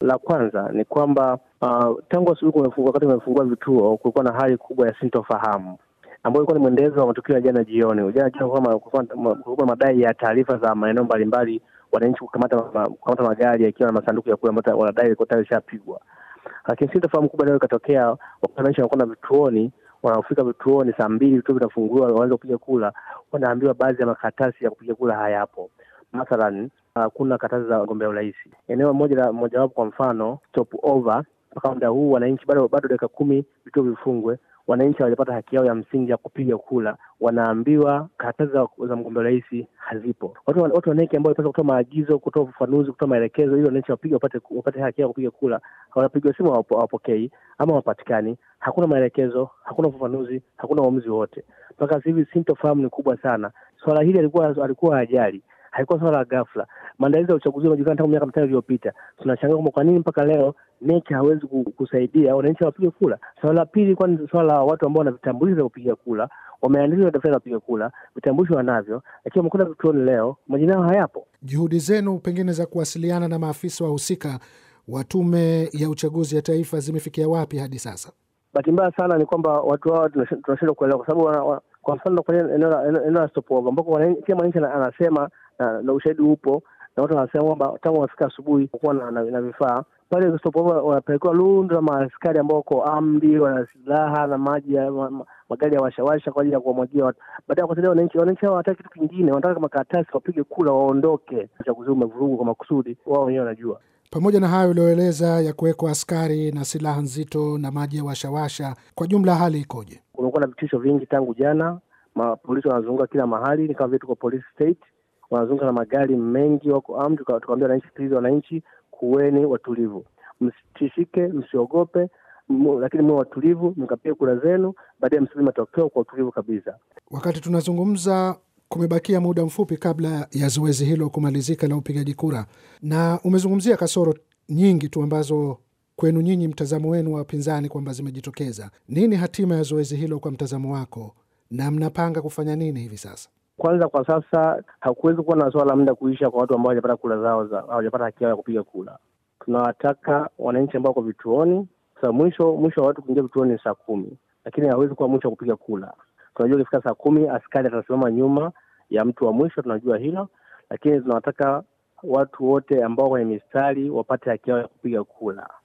La kwanza ni kwamba uh, tangu asubuhi wakati umefungua vituo kulikuwa na hali kubwa ya sintofahamu ambayo ilikuwa ni mwendelezo wa matukio ya jana jioni. Jana jioni kulikuwa madai ya taarifa za maeneo mbalimbali, wananchi kukamata kukamata magari yakiwa na masanduku ya kura ambayo wanadai ilikuwa tayari ishapigwa. Lakini sintofahamu kubwa nayo ikatokea, wananchi wanakwenda vituoni, wanaofika vituoni saa mbili, vituo vinafunguliwa, wanaanza kupiga kura, wanaambiwa baadhi ya makaratasi ya kupiga kura hayapo mathalan, uh, ah, kuna katazi za wagombea urais eneo moja la mojawapo, kwa mfano top over, mpaka muda huu wananchi bado bado dakika kumi vituo vifungwe, wananchi hawajapata haki yao ya msingi ya kupiga kula, wanaambiwa karatasi za mgombea urahisi hazipo. Watu watu wananchi ambao wanapaswa kutoa maagizo, kutoa ufafanuzi, kutoa maelekezo ili wananchi wapige wapate wapate haki yao kupiga kula, hawapigwa simu, hawapokei ama hawapatikani. Hakuna maelekezo, hakuna ufafanuzi, hakuna uamuzi wowote. Mpaka sasa hivi sintofahamu ni kubwa sana. Swala hili alikuwa alikuwa ajali haikuwa swala la ghafla. Maandalizi ya uchaguzi unajulikana tangu miaka mitano iliyopita. Tunashangaa kwamba kwa nini mpaka leo NEC hawezi kusaidia wananchi wapige kura. Swala la pili kwani swala la watu ambao wana vitambulisho vya kupiga kura, wameandikwa daftari la kupiga kura, vitambulisho wanavyo, lakini wamekwenda vituoni leo majina yao hayapo. Juhudi zenu pengine za kuwasiliana na maafisa wahusika wa Tume ya Uchaguzi ya Taifa zimefikia wapi hadi sasa? Bahati mbaya sana ni kwamba watu hawa tunashindwa kuelewa kwa sababu kwa mfano kwenye eneo la Stopogo ambako kila mwananchi anasema na, na ushahidi upo na watu wanasema kwamba tangu wanafika asubuhi kuwa na, na, na vifaa pale Stopogo wanapelekewa lundu la maaskari ambao wako amri, wana silaha na maji ya ma, magari ya washawasha kwa ajili ya kuwamwagia watu. Baada ya kuwasaidia wananchi, wananchi hawa wanataka kitu kingine, wanataka makaratasi wapige kula waondoke. Uchaguzi umevurugu kwa makusudi, wao wenyewe wanajua. Pamoja na hayo ulioeleza ya kuwekwa askari na silaha nzito na maji ya washawasha, kwa jumla hali ikoje? kumekuwa na vitisho vingi tangu jana. Mapolisi wanazunguka kila mahali, ni kama vile tuko police state, wanazunguka na magari mengi, wako armed. wananchi, sikiliza wananchi, kuweni watulivu, msitishike, msiogope lakini mwe watulivu, mkapiga kura zenu, baadaye msubiri matokeo kwa utulivu kabisa. Wakati tunazungumza kumebakia muda mfupi kabla ya zoezi hilo kumalizika la upigaji kura, na umezungumzia kasoro nyingi tu ambazo kwenu nyinyi, mtazamo wenu wa wapinzani kwamba zimejitokeza. Nini hatima ya zoezi hilo kwa mtazamo wako, na mnapanga kufanya nini hivi sasa? Kwanza, kwa sasa hakuwezi kuwa na swala la muda kuisha kwa watu ambao hawajapata kura zao za hawajapata haki yao ya kupiga kura. Tunawataka wananchi ambao wako vituoni sasa. Mwisho mwisho wa watu kuingia vituoni ni saa kumi, lakini hawezi kuwa mwisho wa kupiga kura. Tunajua ukifika saa kumi askari atasimama nyuma ya mtu wa mwisho, tunajua hilo, lakini tunawataka watu wote ambao kwenye mistari wapate haki yao ya kupiga kura.